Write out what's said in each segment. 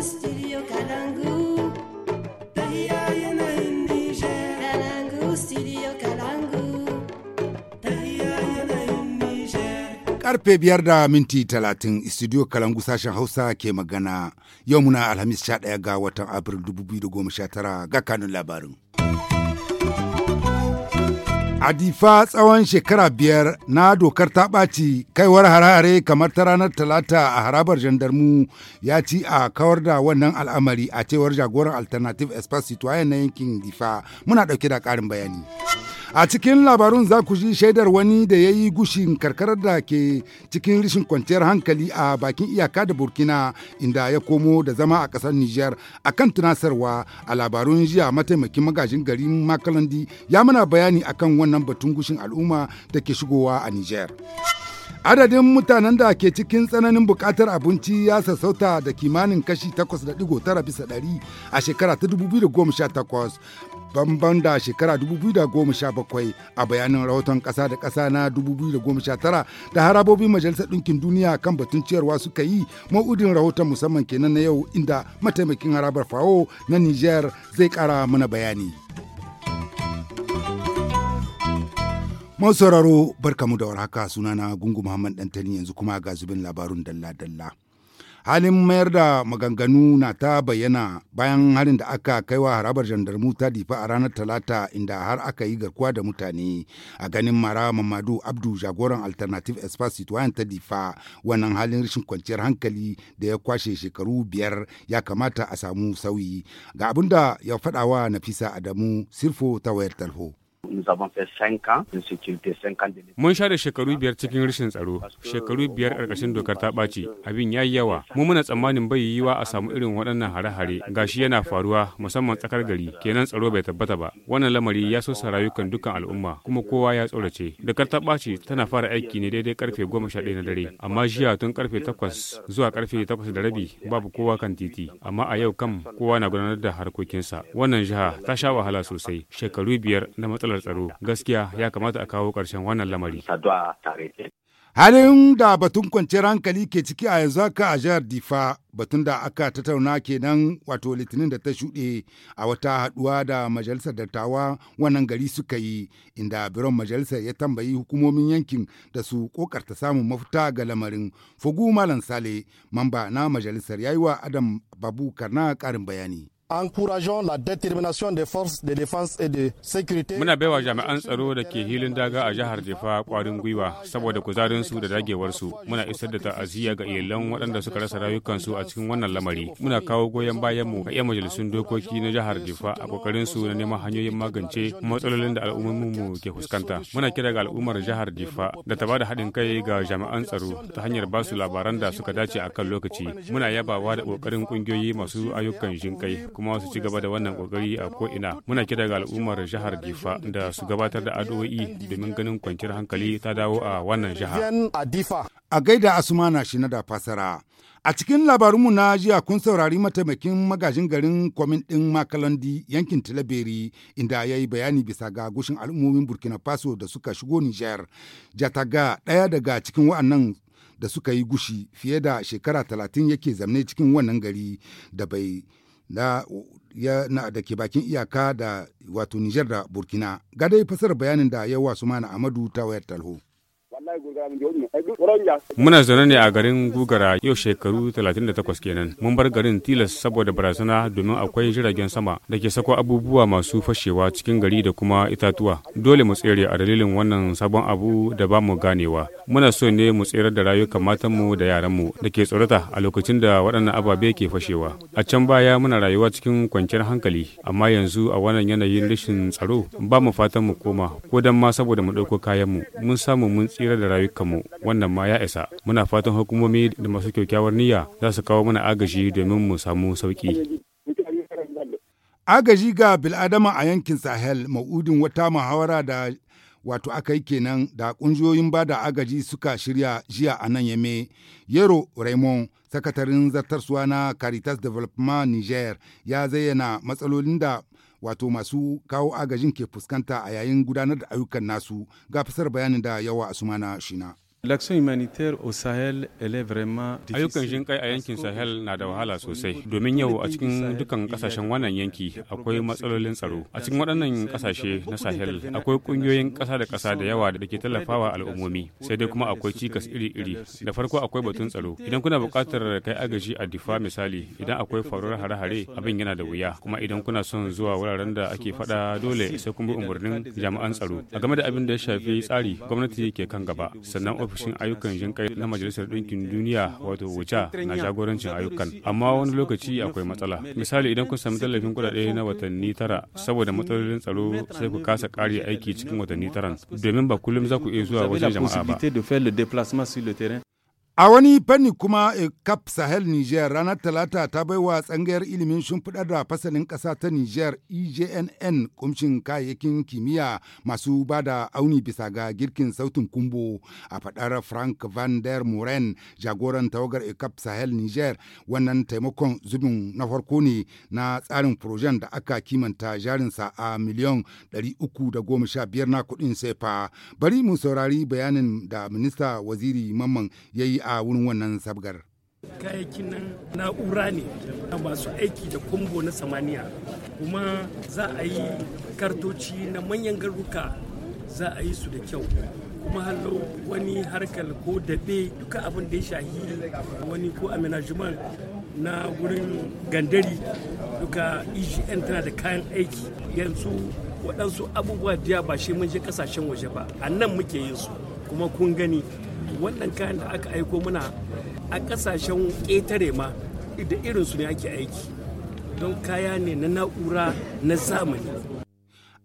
studio Karfe biyar da minti talatin, studio Kalangu sashen Hausa ke magana. Yau muna Alhamis ɗaya ga watan Afrilu tara ga kanun labarin. Adifa tsawon shekara biyar na dokar ta ɓaci kaiwar harare kamar ta ranar talata a harabar jandarmu ya ci a kawar da wannan al'amari a cewar jagoran alternative espacito na yankin difa muna ɗauke da karin bayani. a cikin labarun za ku ji shaidar wani da ya yi gushin karkarar da ke cikin rishin kwanciyar hankali a bakin iyaka da burkina inda ya komo da zama a kasar niger a kan tunasarwa a labarun jiya mataimakin magajin garin makalandi ya mana bayani akan wani wannan batun gushin al'umma da ke shigowa a Nijar. Adadin mutanen da ke cikin tsananin bukatar abinci ya sassauta da kimanin kashi 8.9 bisa ɗari a shekara ta 2018 bamban da shekara 2017 a bayanin rahoton ƙasa da ƙasa na 2019 da harabobin majalisar ɗinkin duniya kan batun ciyarwa suka yi ma'udin rahoton musamman kenan na yau inda mataimakin harabar fawo na Nijar zai ƙara mana bayani. sauraro barkamu da warhaka sunana gungu Muhammad Dantani yanzu kuma ga zubin labarun dalla-dalla. Halin mayar da maganganu na ta bayyana bayan harin da aka kai wa harabar jandarmu ta difa a ranar talata inda har aka yi garkuwa da mutane a ganin mara mamadu abdu jagoran alternative espace citoyen ta difa wannan halin rashin kwanciyar hankali da ya kwashe shekaru biyar ya kamata a samu sauyi ga abin da ya faɗawa nafisa adamu sirfo ta wayar talho. Mun share shekaru biyar cikin rashin tsaro, shekaru biyar ƙarƙashin dokar ta ɓaci, abin ya yi yawa. Mu muna tsammanin bai yiwa a samu irin waɗannan hare-hare, gashi yana faruwa musamman tsakar gari, kenan tsaro bai tabbata ba. Wannan lamari ya so rayukan dukkan al'umma, kuma kowa ya tsorace. Dokar ta ɓaci tana fara aiki ne daidai karfe goma sha ɗaya na dare, amma jiya tun karfe takwas zuwa karfe takwas da rabi babu kowa kan titi, amma a yau kam kowa na gudanar da harkokinsa. Wannan jiha ta sha wahala sosai, shekaru biyar na matsalar tsaro gaskiya ya kamata a kawo ƙarshen wannan lamari halin da batun kwanciyar hankali ke ciki a yanzu haka a jihar difa batun da aka tattauna kenan wato litinin da ta shuɗe a wata haɗuwa da majalisar dattawa wannan gari suka yi inda biron majalisar ya tambayi hukumomin yankin da su ƙoƙarta samun mafita ga lamarin fugu malam sale mamba na majalisar yayi wa adam babu karna ƙarin bayani encourageons la détermination des forces de défense et de sécurité. Muna baiwa jami'an tsaro da ke hilin daga a jihar Jefa kwarin gwiwa saboda kuzarin su da dagewar su Muna isar da ta'aziyya ga iyalan waɗanda suka rasa rayukansu a cikin wannan lamari. Muna kawo goyon bayan mu ga 'yan majalisun dokoki na jihar Jefa a kokarin su na neman hanyoyin magance matsalolin da al'ummomin mu ke fuskanta. Muna kira ga al'ummar jihar Jefa da ta bada haɗin kai ga jami'an tsaro ta hanyar ba su labaran da suka dace a kan lokaci. Muna yabawa da kokarin kungiyoyi masu ayyukan jinkai kuma su ci gaba da wannan kokari a ko'ina muna kira ga al'ummar jihar difa da su gabatar da addu'o'i domin ganin kwanciyar hankali ta dawo a wannan jihar a gaida asumana shi na da fasara a cikin labarunmu na jiya kun saurari mataimakin magajin garin kwamin din makalandi yankin tilaberi inda ya yi bayani bisa ga gushin al'ummomin burkina faso da suka shigo nijar jataga daya daga cikin wa'annan da suka yi gushi fiye da shekara talatin yake zamne cikin wannan gari da bai da ya na da ke bakin iyaka da wato Nijar da Burkina. Gadai fasar bayanin da ya wasu mana Amadu ta wayar talho. Muna zaune ne a garin Gugara yau shekaru 38 kenan. Mun bar garin tilas saboda barazana domin akwai jiragen sama da ke sako abubuwa masu fashewa cikin gari da kuma itatuwa. Dole mu tsere a dalilin wannan sabon abu da ba mu ganewa. Muna so ne mu tsere da rayukan matanmu da yaranmu da ke tsorata a lokacin da waɗannan ababe ke fashewa. A can baya muna rayuwa cikin kwanciyar hankali, amma yanzu a wannan yanayin rashin tsaro ba mu fatan mu koma ko dan ma saboda mu ɗauko kayanmu. Mun samu mun tsira da rayuwa mu wannan ma ya isa muna fatan hukumomi da masu kyakkyawar niyya za su kawo mana agaji domin mu samu sauki agaji ga bil'adama a yankin sahel ma'udin wata muhawara da wato aka yi kenan da kungiyoyin bada agaji suka shirya jiya a nan yame yero raymond sakatarin zartarsuwa na caritas development niger ya zayyana matsalolin da wato masu kawo agajin ke fuskanta a yayin gudanar da ayyukan nasu ga fasar bayanin da yawa a sumana shina. Ayyukan jin kai a yankin Sahel na da wahala sosai domin yau a cikin dukan kasashen wannan yanki akwai matsalolin tsaro. A cikin waɗannan kasashe na Sahel akwai ƙungiyoyin ƙasa da ƙasa da yawa da ke tallafawa al'ummomi sai dai kuma akwai cikas iri-iri. Da farko akwai batun tsaro. Idan kuna buƙatar kai agaji a difa misali idan akwai faruwar hare-hare abin yana da wuya kuma idan kuna son zuwa wuraren da ake faɗa dole sai kun bi umarnin jami'an tsaro. A game da abin da ya shafi tsari gwamnati ke kan gaba sannan ofishin ayyukan jinƙai na Majalisar Ɗinkin Duniya wato wuca na jagorancin ayyukan. Amma wani lokaci akwai matsala. Misali idan kun sami tallafin kuɗaɗe na watanni tara saboda matsalolin tsaro sai ku kasa ƙari aiki cikin watanni taran domin ba kullum za ku iya zuwa wajen jama'a ba. A wani fanni kuma eh, Cap Sahel Niger ranar Talata ta bai wa tsangayar ilimin shimfiɗar da fasalin ƙasa ta Niger EJNN kumshin kayayyakin kimiyya masu ba da auni bisa ga girkin sautin kumbo a faɗar Frank van der Moren jagoran tawagar eh, Cap Sahel Niger wannan taimakon zubin na farko ne na tsarin projen da aka kimanta jarinsa a miliyan 315 na kuɗin sefa. Bari mu saurari bayanin da minista waziri Mamman ya yi a wurin wannan sabgar kayayyakin nan na'ura ne masu aiki da kumbo na samaniya kuma za a yi kartoci na manyan garuka za a yi su da kyau kuma hallo wani harkar ko daɓe duka abin da ya shahi wani ko amenajiman na wurin gandari duka egn tana da kayan aiki yanzu waɗansu abubuwa da ba shi mun je kasashen waje ba a nan muke yin su kuma kun gani wannan kayan da aka aiko muna a kasashen ƙetare ma da irin su ne ake aiki don kaya ne na na'ura na zamani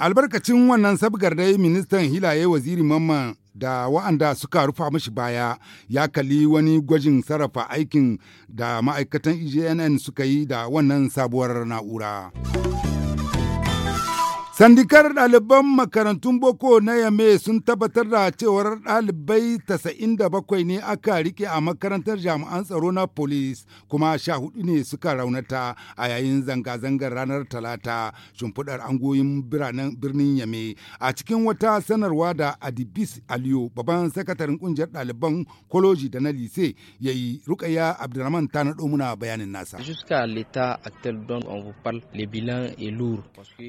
albarkacin wannan sabgar dai ministan hilaye waziri mamman da wa'anda suka rufa mashi baya ya kalli wani gwajin sarrafa aikin da ma'aikatan EJNN suka yi da wannan sabuwar na'ura. Sandikar ɗaliban makarantun boko na Yame sun tabbatar da cewar ɗalibai bakwai ne aka rike a makarantar jami'an tsaro na polis kuma sha hudu ne suka raunata a yayin zanga-zangar ranar talata shimfiɗar angoyin birnin Yame a cikin wata sanarwa da Adibis Aliyu babban sakataren ƙungiyar ɗaliban koloji da na lise ya yi rukaya Abdulrahman ta naɗo muna bayanin nasa.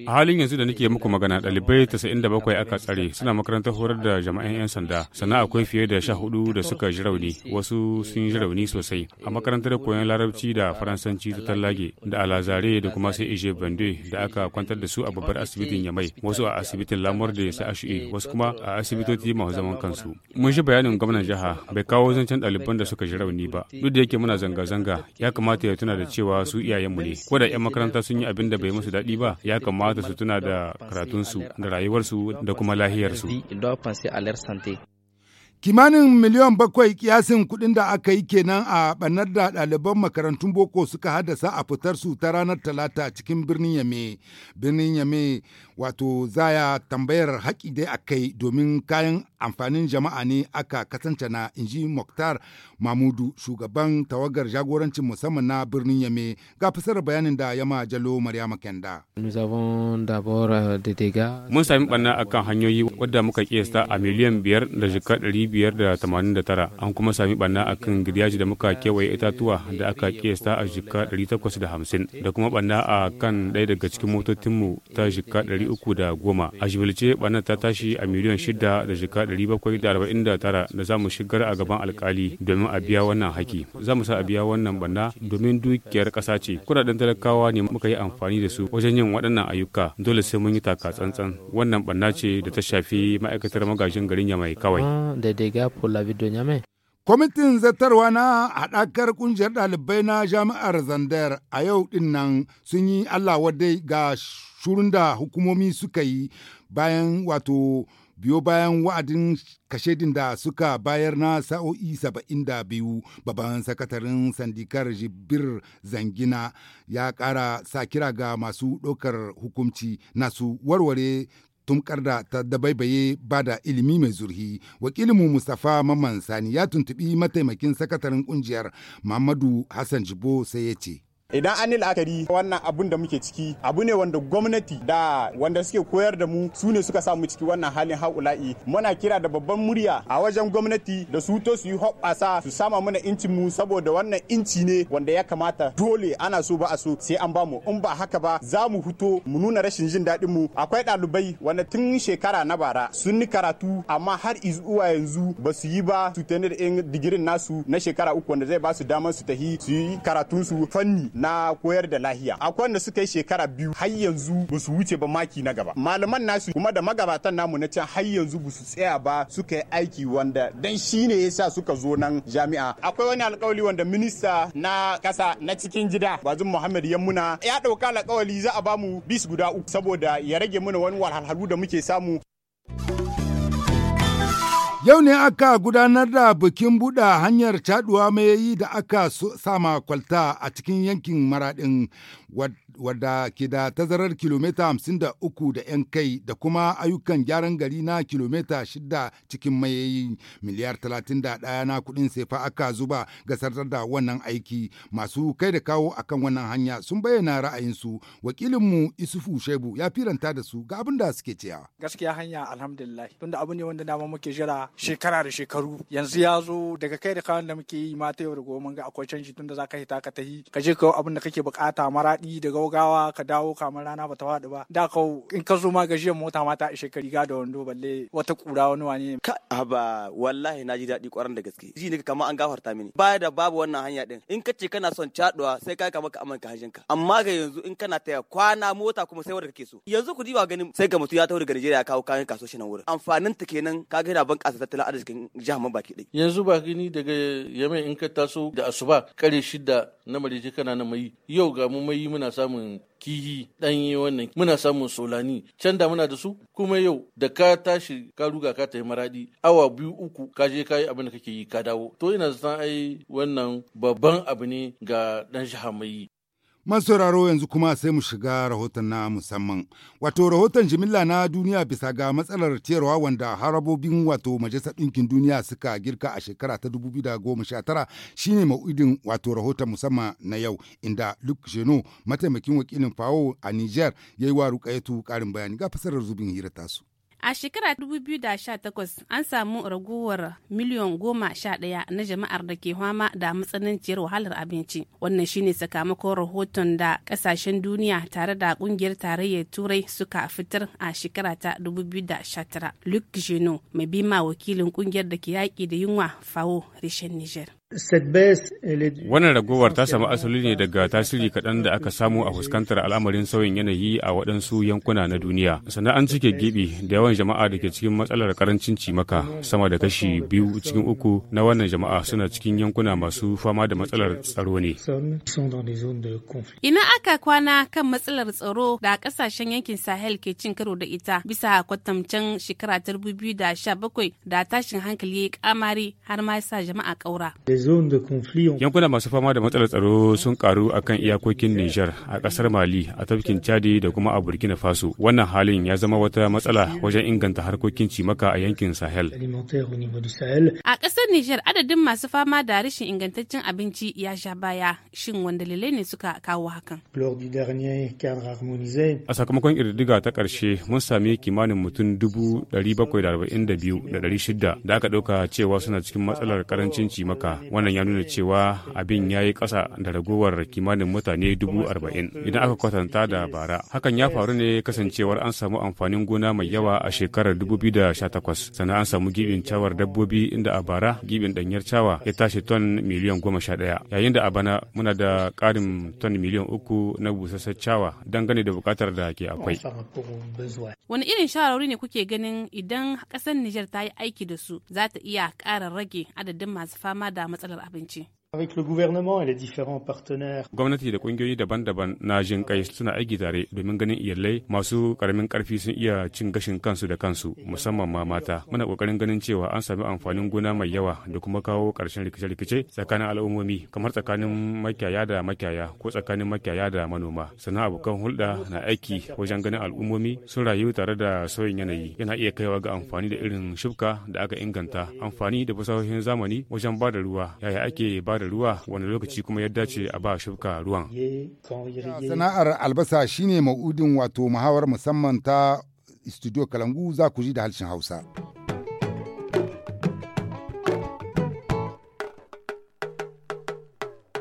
A halin yanzu da nake muku magana da bakwai aka tsare suna makarantar horar da jama'an 'yan sanda sannan akwai fiye da sha hudu da suka ji rauni wasu sun ji rauni sosai a makarantar koyon larabci da faransanci ta tallage da alazare da kuma sai ije bande da aka kwantar da su a babbar asibitin yamai wasu a asibitin lamar da sa ashe wasu kuma a asibitoci masu zaman kansu mun shi bayanin gwamnan jiha bai kawo zancen ɗaliban da suka ji rauni ba duk da yake muna zanga-zanga ya kamata ya tuna da cewa su iyayenmu ne ko da 'yan makaranta sun yi abin da bai musu daɗi ba ya kamata su tuna da karatunsu da rayuwarsu da kuma lahiyarsu. Kimanin miliyan bakwai kiyasin kuɗin da aka yi kenan a banar da ɗaliban makarantun boko suka haddasa a fitar su ta ranar talata cikin birnin Yame. Birnin Yame wato zaya tambayar haƙi dai a kai domin kayan amfanin jama'a ne aka kasance na inji Muktar Mamudu shugaban tawagar jagorancin musamman na birnin Yame ga fasar bayanin da Yama Jalo Maryama Kenda. Euh, Mun sami ɓanna akan hanyoyi wadda muka kiyasta a miliyan biyar da jika ɗari biyar da tamanin da tara an kuma sami ɓanna akan giryaji da muka kewaye itatuwa da aka kiyasta a jika ɗari takwas da hamsin da kuma ɓanna a kan ɗaya daga cikin motocinmu ta jika ɗari uku da goma a jibilce ɓanna ta tashi a miliyan shida da jika 749 da za mu shigar a gaban alkali domin a biya wannan haki za mu sa a biya wannan banna domin dukiyar kasa ce kudaden talakawa ne muka yi amfani da su wajen yin waɗannan ayyuka dole sai mun yi taka tsantsan wannan banna ce da ta shafi ma'aikatar magajin garin yamai kawai Kwamitin zartarwa na haɗakar ƙungiyar ɗalibai na jami'ar Zandar a yau ɗin nan sun yi Allah wadai ga shurun da hukumomi suka yi bayan wato biyo bayan wa'adin kashedin da suka bayar na sa'o'i saba'in da biyu babban sakatarin sandikar jibir zangina ya kara sa kira ga masu ɗaukar hukunci na su warware tumkar da ta dabaibaye ba da ilimi mai zurhi wakilinmu mustapha mamman sani ya tuntubi mataimakin sakataren kungiyar muhammadu hassan jibo sai ya ce idan an yi la'akari wannan abun da muke ciki abu ne wanda gwamnati da wanda suke koyar da mu su ne suka samu ciki wannan halin haƙula'i muna kira da babban murya a wajen gwamnati da su to su yi hoɓɓasa su sama mana incin mu saboda wannan inci ne wanda ya kamata dole ana so ba a so sai an bamu in ba haka ba za mu fito mu nuna rashin jin daɗin mu akwai ɗalibai wanda tun shekara na bara sun ni karatu amma har izuwa yanzu ba su yi ba su tanar digirin nasu na shekara uku wanda zai ba su damar su tahi su yi karatunsu fanni na koyar da lahiya akwai wanda suka yi shekara biyu har yanzu ba su wuce ba maki na gaba malaman nasu kuma da magabatan namu na can har yanzu ba su tsaya ba suka yi aiki wanda dan shine yasa suka zo nan jami'a akwai wani alkawali wanda minista na kasa na cikin gida bazin muhammad yammuna ya dauka alkawali za a bamu bis guda uku saboda ya rage mana wani walhalhalu da muke samu Yau ne aka gudanar da bikin buɗa hanyar caduwa mayayi da aka sama kwalta a cikin yankin maraɗin wadda ke da tazarar kilomita 53 da 'yan kai da kuma ayyukan gyaran gari na kilomita 6 cikin mayayi miliyar 31 na kuɗin sefa aka zuba ga da wannan aiki masu kai da kawo akan wannan hanya sun bayyana ra'ayinsu wakilinmu isufu shebu ya firanta da su ga abin da suke cewa gaskiya hanya alhamdulillah tunda abu ne wanda dama muke jira shekara da shekaru yanzu ya zo daga kai da kawan da muke yi mata yau da gobe mun ga akwai canji tun da zaka hita ka ta yi. ka je ka abin da kake bukata maradi da gaugawa ka dawo kamar rana bata faɗi ba da ka in ka zo ma gajiyar mota ma ta ishe ka riga da wando balle wata kura wani wani ne ka aba wallahi na ji daɗi kwaran da gaske ji ne kamar an gafarta mini baya da babu wannan hanya din in ka ce kana son caɗuwa sai ka kama ka amanka hajinka amma ga yanzu in kana taya kwana mota kuma sai wanda kake so yanzu ku diba ganin sai ga mutum ya taho daga Najeriya ya kawo kayan kaso shi nan wurin amfanin ta kenan ka ga yana bankasa tattalin arzikin jihar baki ɗai. Yanzu ba gani daga yamma in ka taso da asuba kare shida na marije kana na mai yau ga mu mai muna samun kihi ɗanye wannan muna samun solani can da muna da su kuma yau da ka tashi ka ruga ka tafi maradi awa biyu uku ka je ka yi abin da kake yi ka dawo to ina zan ai wannan babban abu ne ga ɗan jihar mai sauraro yanzu kuma sai mu shiga rahoton na musamman. Wato rahoton jimilla na duniya bisa ga matsalar ciyarwa wanda harabobin wato majalisar ɗinkin duniya suka girka a shekara ta 2019 shine ma'udin wato rahoton musamman na yau inda Luc Geno mataimakin wakilin FAO a Niger ya yi wa rukayatu ƙarin bayani ga fasarar zubin hira tasu. A shekara 2018 an samu raguwar miliyon goma sha ɗaya na jama'ar da ke fama da matsananciyar wahalar abinci. Wannan shine sakamakon rahoton da ƙasashen duniya tare da ƙungiyar tarayyar Turai suka fitar a shekara ta 2019. Luc Geno, mai bima wakilin ƙungiyar da ke yaƙi da yunwa FAO reshen Niger. Eh, wannan ragowar ta samu asali ne daga tasiri kaɗan da aka samu a fuskantar al'amarin sauyin yanayi a waɗansu yankuna na duniya. Sannan an cike gibi da yawan jama'a da ke cikin matsalar karancin cimaka sama da kashi biyu cikin uku na wannan jama'a suna cikin yankuna masu fama da matsalar tsaro ne. Ina aka kwana kan matsalar tsaro da kasashen yankin Sahel ke cin karo da ita bisa kwatamcen shekara ta 2017 da bakwai da tashin hankali ya kamari har ma sa jama'a ƙaura. Yankuna masu fama da matsalar tsaro sun karu a kan iyakokin Nijar a ƙasar Mali a tafkin Chadi da kuma a Burkina Faso. Wannan halin ya zama wata matsala wajen inganta harkokin cimaka a yankin Sahel. A kasar Nijar adadin masu fama da rashin ingantaccen abinci ya sha baya. Shin wanda dalilai ne suka kawo hakan? A sakamakon irdiga ta karshe mun sami kimanin mutum dubu da arba'in da aka ɗauka cewa suna cikin matsalar karancin cimaka wannan ya nuna cewa abin ya yi ƙasa da ragowar kimanin mutane dubu arba'in idan aka kwatanta da bara hakan ya faru ne kasancewar an samu amfanin gona mai yawa a shekarar dubu biyu da sha takwas sannan an samu gibin cawar dabbobi inda a bara gibin danyar cawa ya tashi ton miliyan goma sha ɗaya yayin da a bana muna da ƙarin ton miliyan uku na busassar cawa dangane da buƙatar da ke akwai wani irin shawarwari ne kuke ganin idan ƙasar Nijar ta yi aiki da su za ta iya ƙara rage adadin masu fama da matsalar matsalar abinci Gwamnati da kungiyoyi daban-daban na jin kai suna aiki tare domin ganin iyalai masu karamin karfi sun iya cin gashin kansu da kansu musamman ma mata. Muna kokarin ganin cewa an sami amfanin gona mai yawa da kuma kawo karshen rikice-rikice tsakanin al'ummomi kamar tsakanin makiyaya da makiyaya ko tsakanin makiyaya da manoma. Sannan abokan hulɗa na aiki wajen ganin al'ummomi sun rayu tare da sauyin yanayi yana iya kaiwa ga amfani da irin shubka da aka inganta amfani da fasahohin zamani wajen ba da ruwa yaya ake ba da da ruwa wani lokaci kuma ya dace a ba shuka ruwan. Sana'ar albasa shine ma'udin wato muhawar musamman ta studio Kalangu za ku ji da harshen Hausa.